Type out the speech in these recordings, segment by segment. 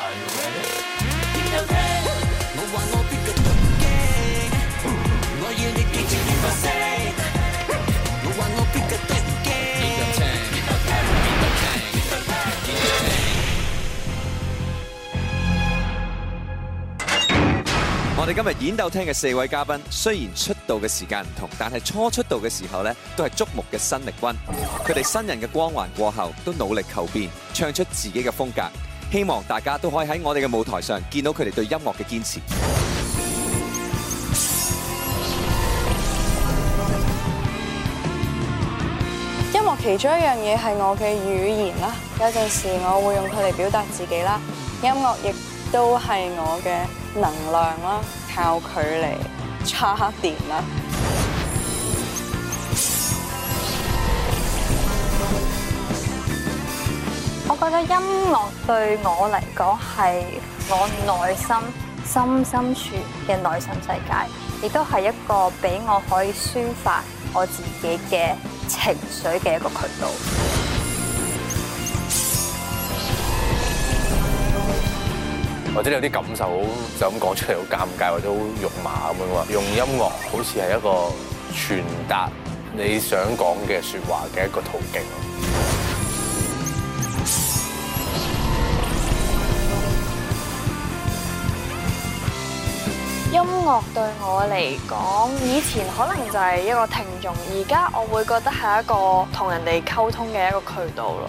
我哋今日演鬥廳嘅四位嘉賓，雖然出道嘅時間唔同，但係初出道嘅時候呢都係矚目嘅新力軍。佢哋新人嘅光環過後，都努力求變，唱出自己嘅風格。希望大家都可以喺我哋嘅舞台上見到佢哋對音樂嘅堅持。音樂其中一樣嘢係我嘅語言啦，有陣時我會用佢嚟表達自己啦。音樂亦都係我嘅能量啦，靠佢嚟叉電啦。我覺得音樂對我嚟講係我內心深深處嘅內心世界，亦都係一個俾我可以抒發我自己嘅情緒嘅一個渠道。或者你有啲感受好就咁講出嚟好尷尬，或者好肉麻咁樣話，用音樂好似係一個傳達你想講嘅説話嘅一個途徑。音樂對我嚟講，以前可能就係一個聽眾，而家我會覺得係一個同人哋溝通嘅一個渠道咯。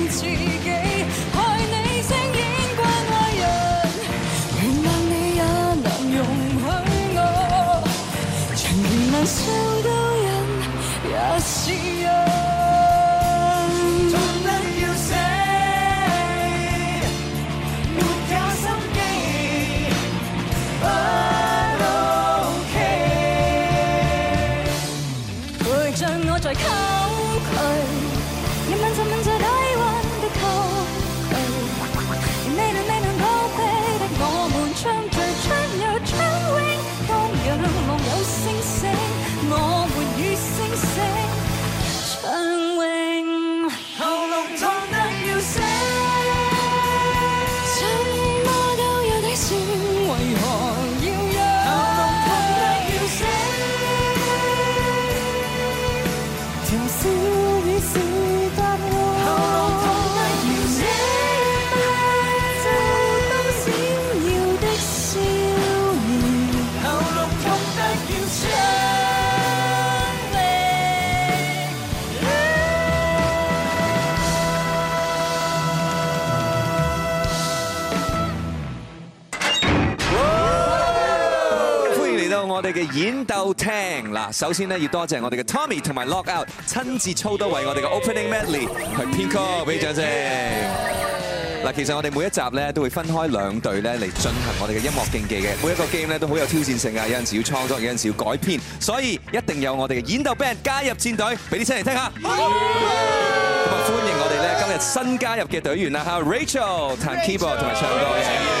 我哋嘅演鬥廳嗱，首先咧要多謝我哋嘅 Tommy 同埋 Lockout 親自操刀為我哋嘅 Opening Medley 去編曲，俾啲掌聲。嗱，其實我哋每一集咧都會分開兩隊咧嚟進行我哋嘅音樂競技嘅，每一個 game 咧都好有挑戰性啊！有陣時要創作，有陣時要改編，所以一定有我哋嘅演鬥 band 加入戰隊，俾啲聲嚟聽下。好，咁啊歡迎我哋咧今日新加入嘅隊員啦嚇，Rachel 彈 keyboard 同埋唱歌。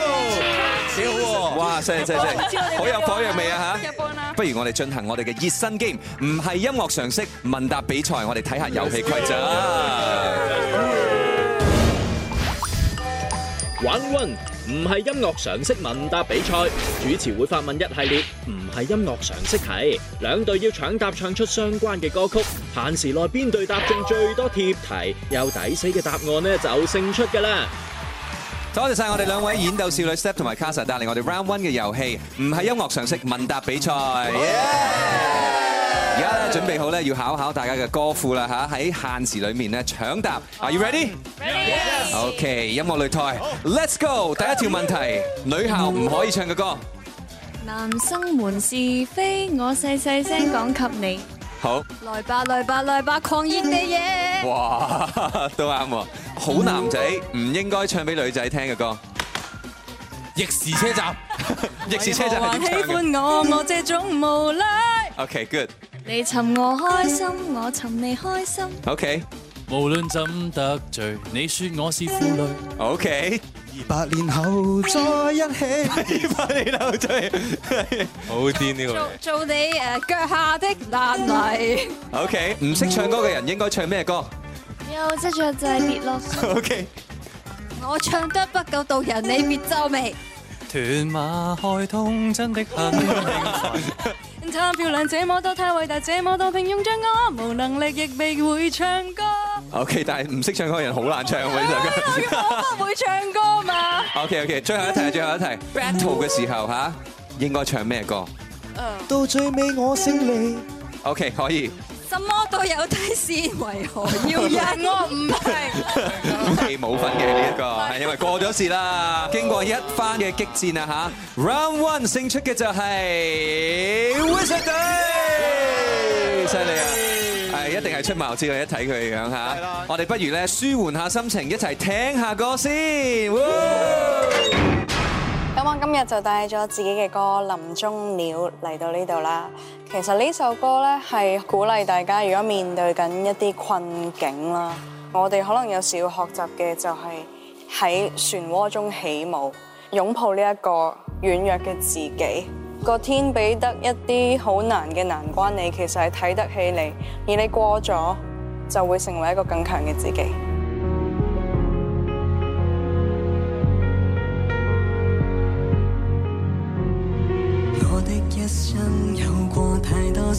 啊！真真真，好有火藥味啊！吓，不如我哋進行我哋嘅熱身 game，唔係音樂常， 常識問答比賽，我哋睇下遊戲規則。玩 one 唔係音樂常識問答比賽，主持會發問一系列，唔係音樂常識題，兩隊要搶答唱出相關嘅歌曲，限時內邊隊答中最多貼題，又抵死嘅答案呢，就勝出噶啦。多謝晒我哋兩位演逗少女 Step 同埋 Cassie，帶嚟我哋 Round One 嘅遊戲，唔係音樂常識問答比賽。而家咧準備好咧，要考考大家嘅歌庫啦嚇！喺限時裡面咧搶答，Are you ready？Okay，音樂擂台，Let's go！第一條問題，女校唔可以唱嘅歌。男生們是非，我細細聲講給你。好，來吧來吧來吧，狂熱嘅夜。哇，都啱喎。好男仔唔應該唱俾女仔聽嘅歌，《逆時車站》。逆時車站。還喜歡我我這種無賴。OK，good。你尋我開心，我尋你開心。OK。無論怎得罪，你説我是負累。OK。二百年後再一起。百年後再。好癲呢個。做做你誒腳下的爛泥。OK。唔識唱歌嘅人應該唱咩歌？又，即唱就係跌落。O K，我唱得不夠動人，你別皺眉。斷馬開弓真的狠。他漂亮這麼多，他偉大這麼多，平庸像我，無能力亦未會唱歌。O K，但係唔識唱歌嘅人好難唱。我唔會唱歌嘛。O K，O K，最後一題，最後一題，Battle 嘅時候吓，應該唱咩歌？到最尾我勝利。O K，可以。什麼都有底線，為何要忍我？唔係，夫妻冇分嘅呢一個係因為過咗事啦。經過一番嘅激戰啊嚇，Round One 勝出嘅就係 Wishday，犀利啊！係一定係出賣，知道一睇佢嘅樣嚇。我哋不如咧舒緩下心情，一齊聽下歌先。我今日就帶咗自己嘅歌《林中鳥》嚟到呢度啦。其實呢首歌呢，係鼓勵大家，如果面對緊一啲困境啦，我哋可能有時要學習嘅就係喺漩渦中起舞，擁抱呢一個軟弱嘅自己。個天俾得一啲好難嘅難關，你其實係睇得起你，而你過咗就會成為一個更強嘅自己。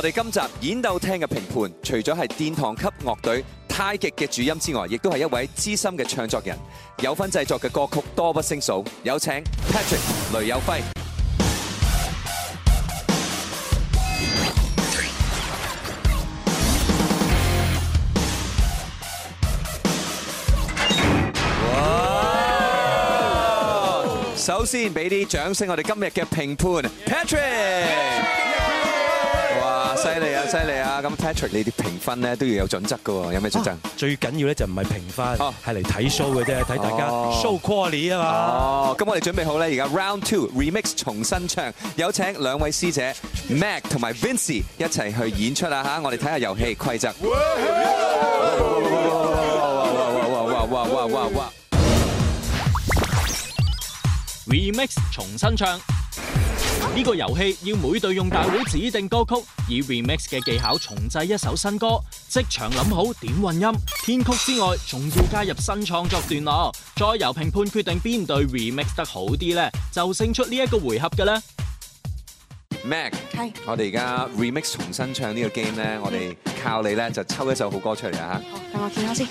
我哋今集演奏廳嘅評判，除咗係殿堂級樂隊太極嘅主音之外，亦都係一位資深嘅唱作人，有份製作嘅歌曲多不勝數。有請 Patrick 雷有輝。首先俾啲掌聲，我哋今日嘅評判 Patrick。犀利啊，犀利啊！咁 Patrick，你啲評分咧都要有準則嘅喎，有咩準則？最緊要咧就唔係評分，係嚟睇 show 嘅啫，睇大家 show quality 啊嘛。哦，咁我哋準備好咧，而家 round two remix 重新唱，有請兩位師姐 Mac 同埋 Vincy 一齊去演出啊！吓，我哋睇下遊戲規則。Remix 重新唱。呢個遊戲要每隊用大會指定歌曲，以 remix 嘅技巧重製一首新歌，即場諗好點混音、編曲之外，仲要加入新創作段落，再由評判決定邊隊 remix 得好啲呢就勝出呢一個回合嘅咧嗎。Mac，我哋而家 remix 重新唱呢個 game 呢，我哋靠你呢，就抽一首好歌出嚟啊吓。好，等我下、哦、見下先。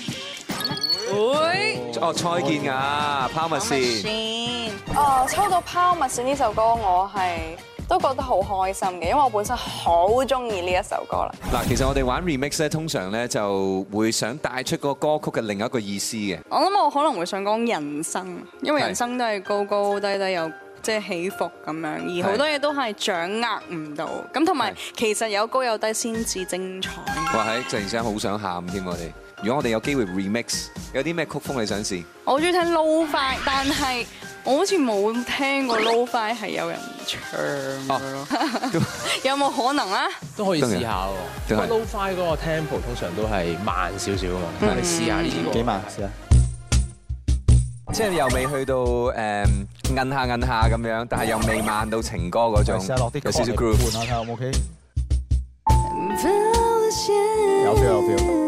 喂、嗯，哦，蔡健雅，Pammy。啊！抽到拋物線呢首歌，我係都覺得好開心嘅，因為我本身好中意呢一首歌啦。嗱，其實我哋玩 remix 咧，通常咧就會想帶出個歌曲嘅另一個意思嘅。我諗我可能會想講人生，因為人生都係高高低低有即係起伏咁樣，而好多嘢都係掌握唔到。咁同埋其實有高有低先至精彩。哇！喺突然之間好想喊添我哋。如果我哋有機會 remix，有啲咩曲風你想試？我中意聽 Lo-fi，但係我好似冇聽過 Lo-fi 係有人唱。哦，有冇可能啊？都可以試下喎。低 Lo-fi 嗰個 tempo 通常都係慢少少啊嘛，你試下呢個幾慢？試下！即係又未去到誒摁下摁下咁樣，但係又未慢到情歌嗰種。試下落啲咁嘅節奏，O K？Helpful，helpful。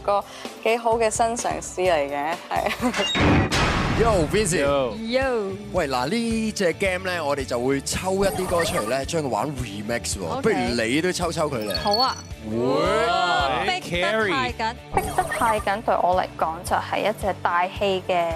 個幾好嘅新嘗試嚟嘅，係。Yo，Vincy。Yo。喂，嗱呢隻 game 咧，我哋就會抽一啲歌出嚟咧，將佢玩 remix 喎。不如你都抽抽佢咧。好啊。逼得太緊，逼得太緊對我嚟講就係一隻大氣嘅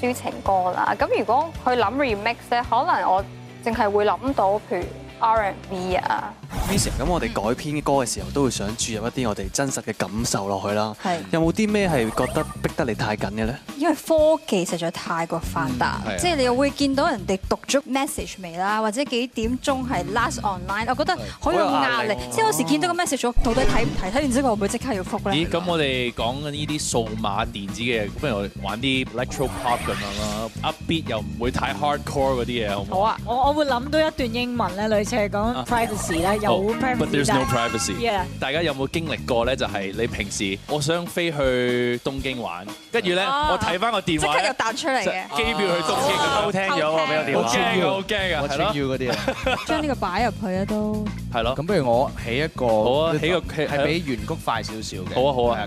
抒情歌啦。咁如果去諗 remix 咧，可能我淨係會諗到譬如 R&B 啊。Miss 咁，我哋改編嘅歌嘅時候都會想注入一啲我哋真實嘅感受落去啦。係有冇啲咩係覺得逼得你太緊嘅咧？因為科技實在太過發達，即係你又會見到人哋讀咗 message 未啦，或者幾點鐘係 last online。我覺得好有壓力。即係有時見到個 message，到底睇唔睇？睇完之後會唔會即刻要覆咧？咦，咁我哋講緊呢啲數碼電子嘅，不如玩啲 electro pop 咁樣啦，upbeat 又唔會太 hardcore 嗰啲嘢好唔好？好啊，我我會諗到一段英文咧，類似係講 privacy 咧。好，But there's no privacy。大家有冇經歷過咧？就係你平時我想飛去東京玩，跟住咧我睇翻個電話，即刻又彈出嚟嘅機票去東京。都聽咗啊！俾我電話，好驚啊！好驚啊！我要嗰啲啊，將呢個擺入去啊都。係咯，咁不如我起一個，好啊，起個係比原曲快少少嘅。好啊，好啊。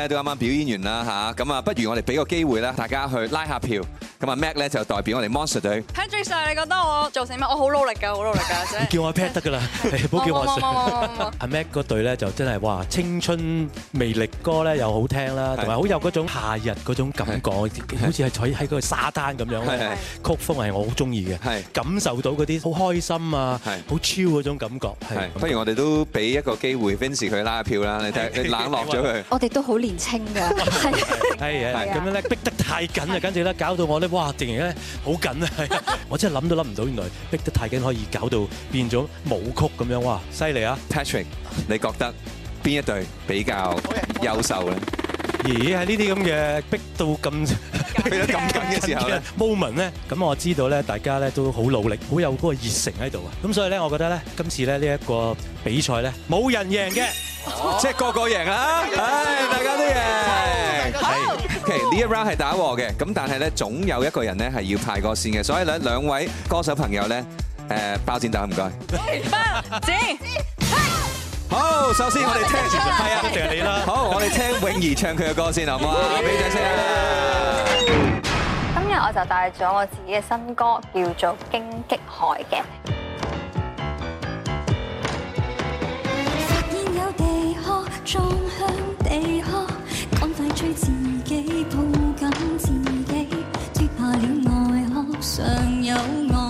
咧都啱啱表演完啦吓，咁啊不如我哋俾個機會啦，大家去拉下票。咁阿 Mac 咧就代表我哋 Monster 隊。Pat Sir，你覺得我做成乜？我好努力㗎，好努力㗎。叫我 Pat 得㗎啦，唔好叫我 Sir。阿 Mac 嗰隊咧就真係哇，青春魅力歌咧又好聽啦，同埋好有嗰種夏日嗰種感覺，好似係坐喺嗰個沙灘咁樣。曲風係我好中意嘅，感受到嗰啲好開心啊，好 chill 嗰種感覺。係，不如我哋都俾一個機會 Vincent 佢拉下票啦，你睇你冷落咗佢。我哋都好年青嘅係啊，咁樣咧逼得太緊啊，跟住咧搞到我咧，哇！突然間好緊啊，係啊，我真係諗都諗唔到，原來逼得太緊可以搞到變咗舞曲咁樣，哇！犀利啊，Patrick，你覺得邊一隊比較優秀咧？咦，喺呢啲咁嘅逼到咁逼得咁緊嘅時候 moment 咧，咁我知道咧，大家咧都好努力，好有嗰個熱誠喺度啊！咁所以咧，我覺得咧，今次咧呢一個比賽咧，冇人贏嘅，即係個個贏啊！唉，大家都贏，OK。呢一 round 係打和嘅，咁但係咧，總有一個人咧係要派個線嘅，所以兩兩位歌手朋友咧，誒，包剪打唔該。包剪。好，首先我哋聽係啊，上你啦。好，我哋聽泳兒唱佢嘅歌先，好唔好？俾掌聲啊！今日我就帶咗我自己嘅新歌，叫做《荊棘海》嘅。發現有地殼，撞向地殼，趕快追自己，抱緊自己，脫下了外殼，尚有我。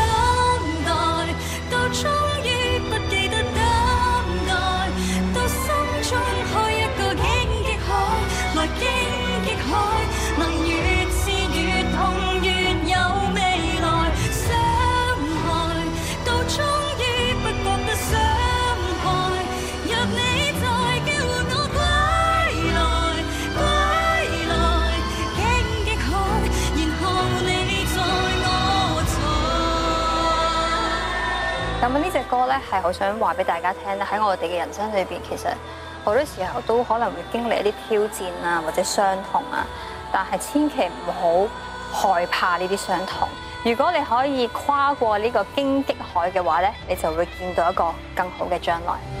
咁呢隻歌咧，係好想話俾大家聽咧，喺我哋嘅人生裏邊，其實好多時候都可能會經歷一啲挑戰啊，或者傷痛啊，但係千祈唔好害怕呢啲傷痛。如果你可以跨過呢個荊棘海嘅話咧，你就會見到一個更好嘅將來。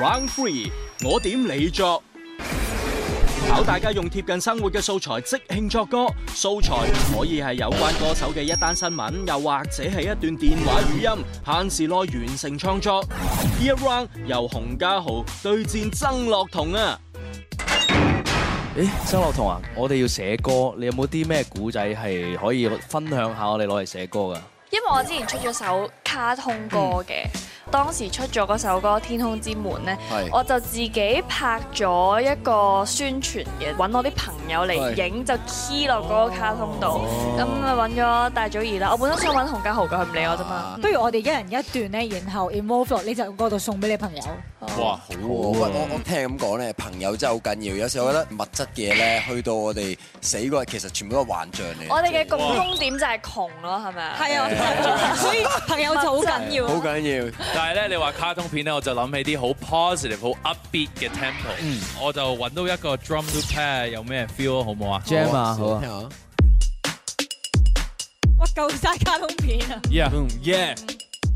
Round Three 我點你作，考大家用貼近生活嘅素材即興作歌，素材可以係有關歌手嘅一單新聞，又或者係一段電話語音，限時內完成創作。呢一 round 由洪嘉豪對戰曾樂彤啊！誒，曾樂彤啊，我哋要寫歌，你有冇啲咩古仔係可以分享下我哋攞嚟寫歌噶？因為我之前出咗首卡通歌嘅。嗯當時出咗嗰首歌《天空之門》呢，是的 我就自己拍咗一個宣傳嘅，揾我啲朋友嚟影，是的 就 key 落嗰個卡通度。咁咪揾咗戴祖儀啦，我本身想揾洪嘉豪㗎，佢唔理我啫嘛。不如、啊嗯、我哋一人一段呢，然後 involve 落，呢隻歌度送俾你朋友。哇，好我我我聽咁講咧，朋友真係好緊要。有時我覺得物質嘅嘢咧，去到我哋死嗰日，其實全部都係幻象嚟。我哋嘅共通點就係窮咯，係咪啊？係啊，所以朋友就好緊要。好緊要！但係咧，你話卡通片咧，我就諗起啲好 positive、好 upbeat 嘅 tempo。我就揾到一個 drum loop pad，有咩 feel 好唔好啊？Jam 啊，好啊！我夠晒卡通片啊！Yeah，yeah。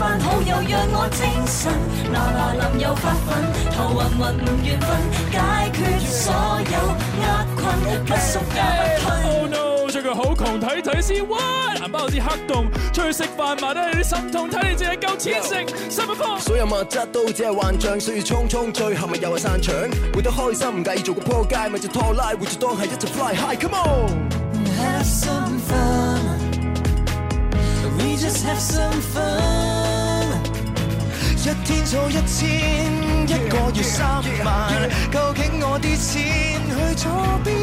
扮好又讓我精神，拿拿林又發奮，頭暈暈唔緣分，解決所有壓困 Yeah. 不鬆勁。Oh no，最近好窮，睇睇先玩，錢包好似黑洞，出去食飯麻得係啲心痛，睇你淨係夠虔誠，信唔 Yo. 所有物質都只係幻象，歲月匆匆最後咪又係散場。活得開心唔介意做個破街，咪就拖拉，活著當係一直 fly high，come on。一天做一千，yeah, 一個月三萬，yeah, yeah, yeah, yeah. 究竟我啲錢去咗邊？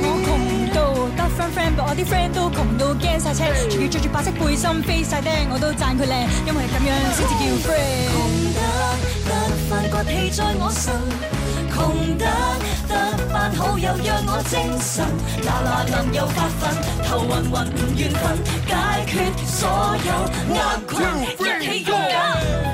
我窮到得翻 friend，but 我啲 friend 都窮到驚晒車，仲 Yeah. 要着住白色背心飛晒釘，我都讚佢靚，因為咁樣先至叫 friend。窮得得翻骨氣在我身，窮得得翻好友讓我精神，嗱嗱臨又發奮，頭暈暈唔願瞓，解決所有困苦，One, 友一起勇敢。Yeah.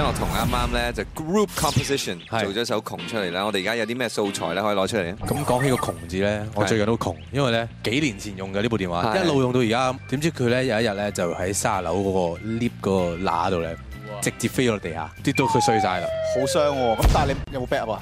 咁我同啱啱咧就 group composition 做咗首窮出嚟啦，是我哋而家有啲咩素材咧可以攞出嚟咧？咁講起個窮字咧，我最近都窮，是因為咧幾年前用嘅呢部電話是一路用到而家，點知佢咧有一日咧就喺卅樓嗰個 lift 個罅度咧，哇直接飛咗落地下，跌到佢碎晒啦，好傷喎啊！咁但係你有冇 backup 啊？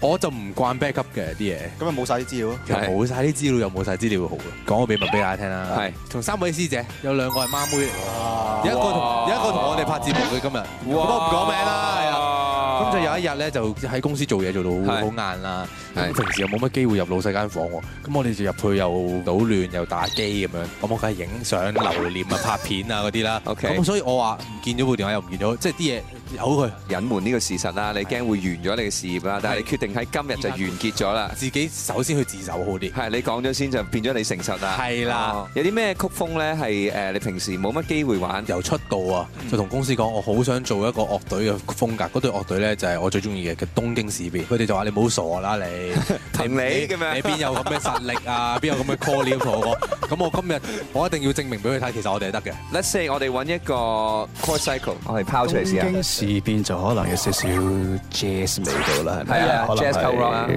我就唔慣 backup 嘅啲嘢，咁就冇曬啲資料咯。其實冇曬啲資料又冇曬資料，好講個秘密俾大家聽啦。係同三位師姐有兩個係媽妹嚟，有一個同有一個同我哋拍節目嘅今日。咁我都唔講名啦，咁就有一日咧就喺公司做嘢做到好晏啦。平時又冇乜機會入老細間房喎，咁我哋就入去又搗亂又打機咁樣，咁我梗係影相留念啊拍片啊嗰啲啦。咁所以我話唔見咗部電話又唔見咗，即係啲嘢由佢隱瞞呢個事實啦，你驚會完咗你嘅事業啦，但係你決定。喺今日就完結咗啦。自己首先去自首好啲。係你講咗先就變咗你誠實啦。係啦。有啲咩曲風咧係誒？你平時冇乜機會玩。由出道啊，就同公司講，我好想做一個樂隊嘅風格。嗰隊樂隊咧就係我最中意嘅，叫東京事變。佢哋就話你冇傻啦，你停你咁樣，你邊有咁嘅實力啊？邊有咁嘅 core 料我？咁我今日我一定要證明俾佢睇，其實我哋係得嘅。Let's say 我哋揾一個 core cycle，我哋拋出嚟先。東京事變就可能有少少 jazz 味道啦。係啊。爵士 cover 啊！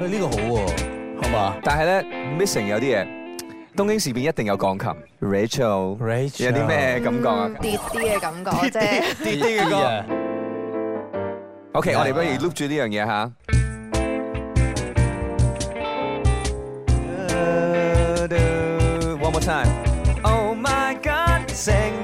誒呢個好喎，好嘛？但係咧，Missing 有啲嘢，東京事變一定有鋼琴，Rachel，Rachel 有啲咩感覺啊？跌啲嘅感覺啫，跌啲嘅歌。OK，我哋不如 loop 住呢樣嘢吓。One more time。Oh my god。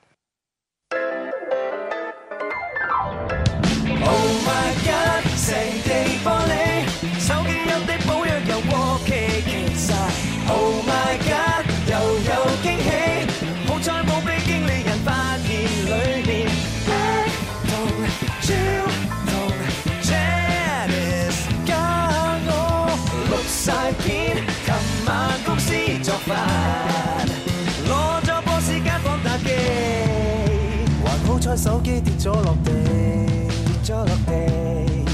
手機跌咗落地，跌咗落地，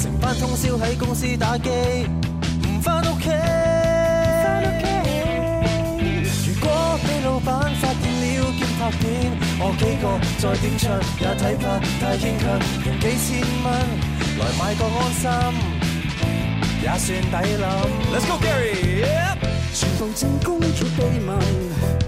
成班通宵喺公司打機，唔翻屋企。如果俾老闆發現了見拍片，我幾個再點唱也睇怕太牽強，用幾千蚊來買個安心，也算抵諗。Let's go Gary，全存正進攻秘密。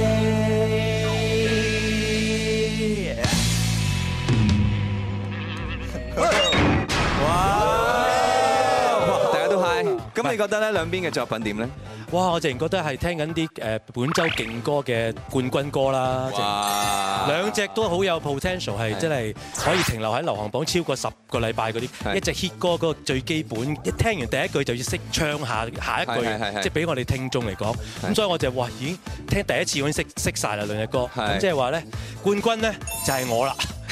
你覺得咧兩邊嘅作品點咧？哇！我淨係覺得係聽緊啲誒本週勁歌嘅冠軍歌啦，哇兩隻都好有 potential 係對真係可以停留喺流行榜超過十個禮拜嗰啲一隻 hit 歌，個最基本一聽完第一句就要識唱下下一句，即係俾我哋聽眾嚟講。咁對所以我就話：已經聽第一次已經識識曬啦兩隻歌。咁即係話咧，冠軍咧就係、是、我啦。 等陣，等陣，等等呢、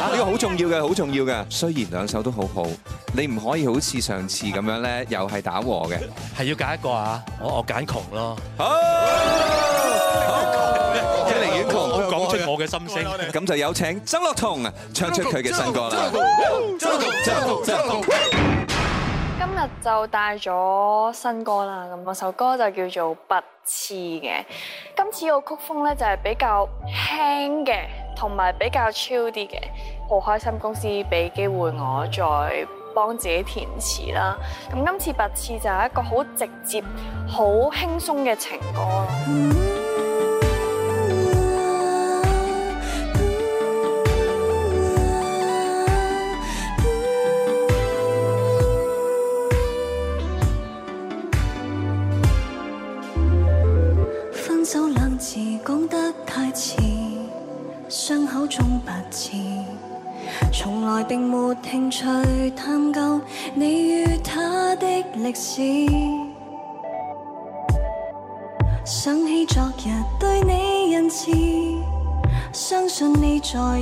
啊、呢個好重要嘅，好重要嘅。雖然兩首都好好，你唔可以好似上次咁樣咧，又係打和嘅，係要揀一個啊、嗯！我我揀窮咯。好，即寧願窮，好講我出我嘅心聲，咁就有請曾樂彤唱出佢嘅新歌啦。Joe, Joe, Joe 今日就帶咗新歌啦，咁嗰首歌就叫做《拔刺》嘅。今次個曲風咧就係比較輕嘅，同埋比較 chill 啲嘅。好開心公司俾機會我再幫自己填詞啦。咁今次《拔刺》就係一個好直接、好輕鬆嘅情歌咯。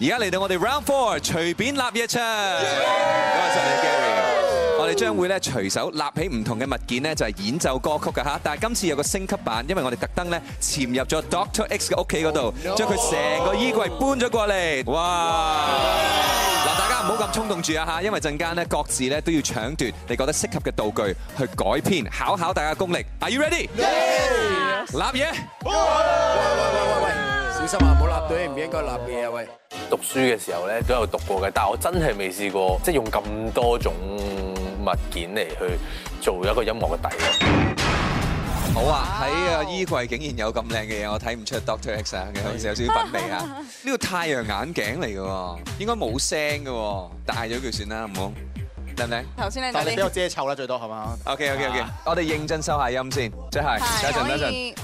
而家嚟到我哋 Round Four，隨便立嘢唱。多謝 Gary。我哋將會咧隨手立起唔同嘅物件咧，就係演奏歌曲㗎嚇。但係今次有個升級版，因為我哋特登咧潛入咗 Doctor X 嘅屋企嗰度，將佢成個衣櫃搬咗過嚟。哇！嗱，大家唔好咁衝動住啊嚇，因為陣間咧各自咧都要搶奪，你覺得適合嘅道具去改編，考考大家功力。Are you ready？立嘢！冇立隊唔應該立嘅喂，讀書嘅時候咧都有讀過嘅，但係我真係未試過，即係用咁多種物件嚟去做一個音樂嘅底嘅。好啊，喺個衣櫃竟然有咁靚嘅嘢，我睇唔出 Doctor X 嘅有少少品味啊！呢個太陽眼鏡嚟嘅，應該冇聲嘅，戴咗佢算啦，唔好，靚唔靚？頭先你，但係你俾我遮臭啦，最多係嘛？OK OK，我哋認真收下音先，即係等陣等陣。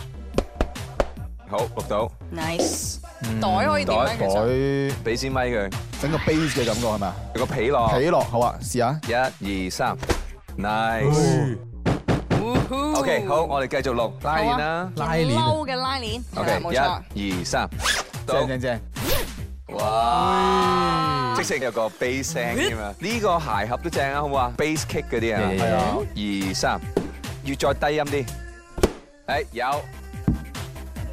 好錄到，nice 袋可以袋，袋俾支咪佢，整個 base 嘅感覺係咪啊？有個皮落，皮落好啊！試下，一二三，nice。OK，好，我哋繼續錄拉鏈啦，拉鏈。貓嘅拉鏈，OK，一、二、三，正正正。哇，即係有個 base 聲噶嘛？呢個鞋盒都正啊，好唔好啊？Base kick 嗰啲啊，係啊，二三，要再低音啲。誒，有。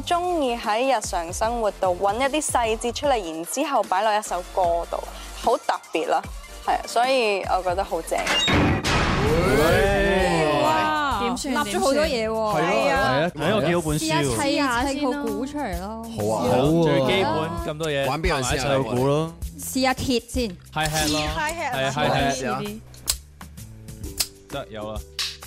我鍾意喺日常生活度揾一啲細節出嚟，然之後擺落一首歌度，好特別囉，係，所以我覺得好正。哇！點算？立咗好多嘢喎。係啊，係啊，睇我幾好本書。試下試下估出嚟咯。好啊，好。最基本咁多嘢，玩邊個試下估咯？試下鐵先。Hi-hat 咯。Hi-hat Hi-hat 啊。得有啊。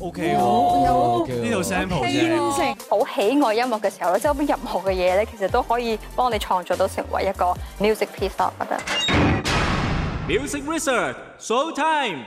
O K 喎，呢度好正，好喜愛音樂嘅時候咧，周邊任何嘅嘢咧，其實都可以幫你創造到成為一個 music piece 嘅，覺得，okay？Music Research Show Time。.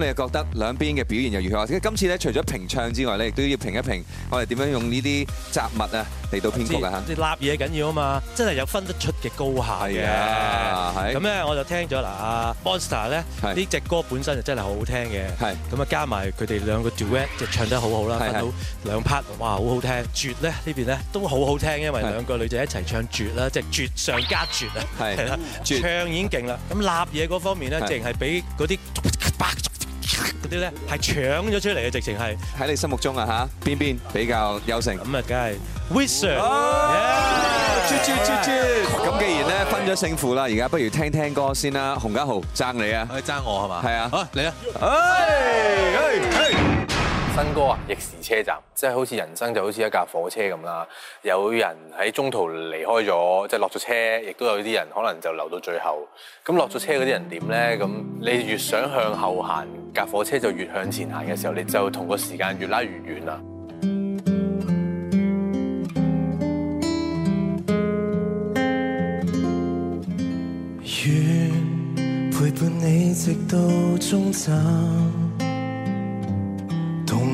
你又覺得兩邊嘅表現又如何？咁今次咧，除咗評唱之外，咧亦都要評一評我哋點樣用呢啲雜物啊嚟到編曲嘅嚇。你揦嘢緊要啊嘛！真係有分得出嘅高下嘅。係啊，係。咁咧，我就聽咗嗱，阿 Monster 咧呢隻歌本身就真係好好聽嘅。係。咁啊，加埋佢哋兩個 duet 就唱得好好啦，分到兩 part 哇，好好聽。絕咧呢邊咧都好好聽，因為兩個女仔一齊唱絕啦，即係絕上加絕啊。係。係啦，唱已經勁啦。咁揦嘢嗰方面咧，淨係俾嗰啲白。嗰啲咧係搶咗出嚟嘅，直情係喺你心目中啊嚇，邊邊比較優勝？咁啊，梗係 Whisper，絕絕絕絕！咁既然咧分咗勝負啦，而家不如聽聽歌先啦。洪嘉豪爭你啊？爭我係嘛？係啊，你啊！新歌啊，逆時車站，即係好似人生就好似一架火車咁啦。有人喺中途離開咗，即係落咗車，亦都有啲人可能就留到最後。咁落咗車嗰啲人點呢？咁你越想向後行，架火車就越向前行嘅時候，你就同個時間越拉越遠啦。願陪伴你直到終站。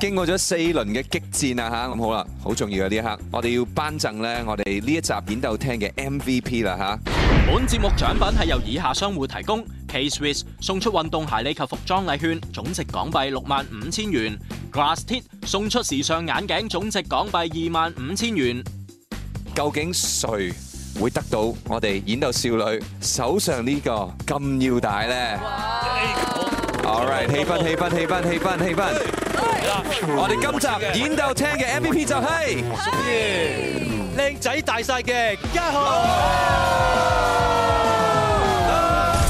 經過咗四輪嘅激戰啊，吓，咁好啦，好重要啊，呢一刻，我哋要頒贈咧，我哋呢一集演鬥廳嘅 MVP 啦，吓。本節目獎品係由以下商戶提供：K Swiss 送出運動鞋禮及服裝禮券，總值港幣六萬五千元；Glass Tip 送出時尚眼鏡，總值港幣二萬五千元。究竟誰會得到我哋演鬥少女手上呢個金腰帶咧？All right，氣氛氣氛氣氛氣氛氣氛，我哋今集演鬥廳嘅 MVP 就係靚仔大晒嘅一號了。號了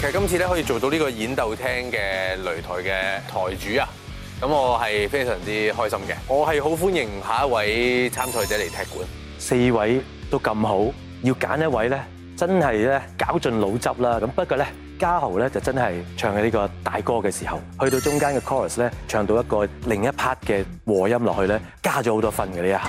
其實今次咧可以做到呢個演鬥廳嘅擂台嘅台主啊，咁我係非常之開心嘅。我係好歡迎下一位參賽者嚟踢館，四位都咁好，要揀一位咧。真係咧，搞盡腦汁啦！咁不過咧，嘉豪咧就真係唱嘅呢個大歌嘅時候，去到中間嘅 chorus 咧，唱到一個另一 part 嘅和音落去咧，加咗好多分嘅呢一下。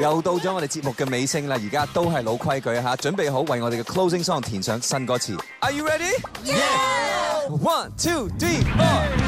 又到咗我哋節目嘅尾聲啦！而家都係老規矩嘅吓，準備好為我哋嘅 closing song 填上新歌詞。Are you ready? Yeah! One, two, three, four.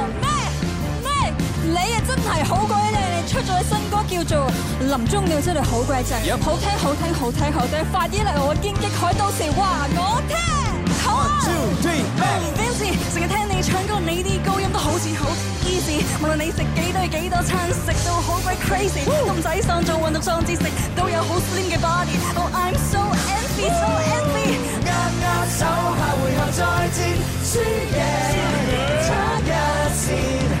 好鬼靚！出咗新歌叫做《林中鳥》，真係好鬼正，好聽好聽好聽好聽，好聽！快啲嚟我堅擊海，到時話我聽好啊！Vincent 成日聽你唱歌，你啲高音都好似好 easy。無論你食幾對多幾多餐，食到好鬼 crazy 都仔上做運動置，上節食都有好 slim 嘅 body。Oh I'm so envy so envy，握握手下回合再戰，輸贏差一線。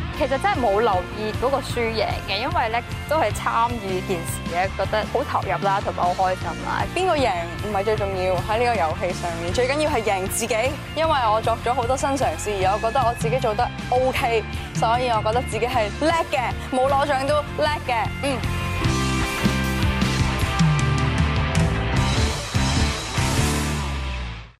其實真係冇留意嗰個輸贏嘅，因為咧都係參與件事嘅，覺得好投入啦，同埋好開心啦。邊個贏唔係最重要，喺呢個遊戲上面最緊要係贏自己。因為我作咗好多新嘗試，而我覺得我自己做得 OK，所以我覺得自己係叻嘅，冇攞獎都叻嘅，嗯。